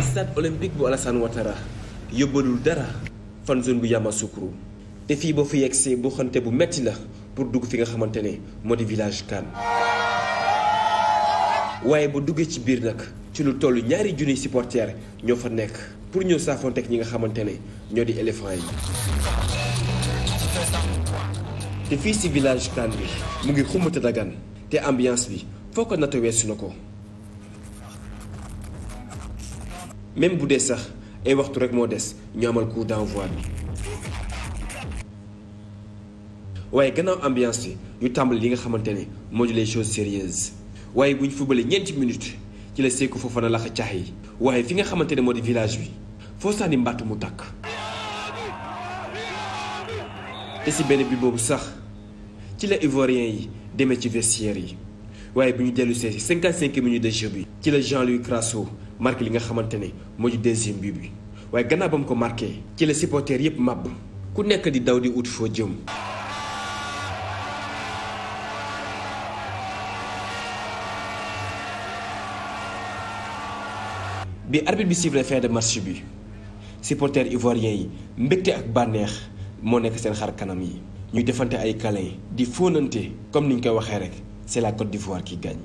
stade olympique bu Alassane Ouattara yóbbalul dara fan zone bu Yamoussoukro te fii boo fi yegsee bu xante bu metti la pour dugg fi nga xamante ne moo di village Kane waaye ba duggee ci biir nag ci lu toll ñaari junniy supporters ñoo fa nekk pour ñëw saafonteeg ñi nga xamante ne ñoo di éléphant yi te fii ci village Kane bi mu ngi xumbata dagan te ambiance bi foo ko natt weesu na ko même bu dee sax ay waxtu rek moo des ñu amal coup d'envoi bi waaye gannaaw ambiance bi ñu tàmbali li nga xamante ne moo di les choses sérieuses waaye bu ñu fubalee ñeenti minutes ci la Sékou Fofana laxa caax yi waaye fi nga xamante ne moo di village bi foo sax ni mbattu mu takk te si benn bi boobu sax ci la ivoirien yi demee ci vestiaire yi waaye bu ñu dellusee si 55 minutes de jeu bi ci la Jean-Louis Crasso marqué li nga xamante ne moo di deuxième but bi waaye gannaaw ba mu ko marqué ci la supporter yëpp màbb ku nekk di daw di ut foo jëm. bi arbitre bi sifflé fin de match bi supporter ivoirien yi mbëgte ak bànneex moo nekk seen xar kanam yi ñuy defante ay câlin di fóonante comme ni ñu koy waxee rek c'est la Côte d'Ivoire qui gagne.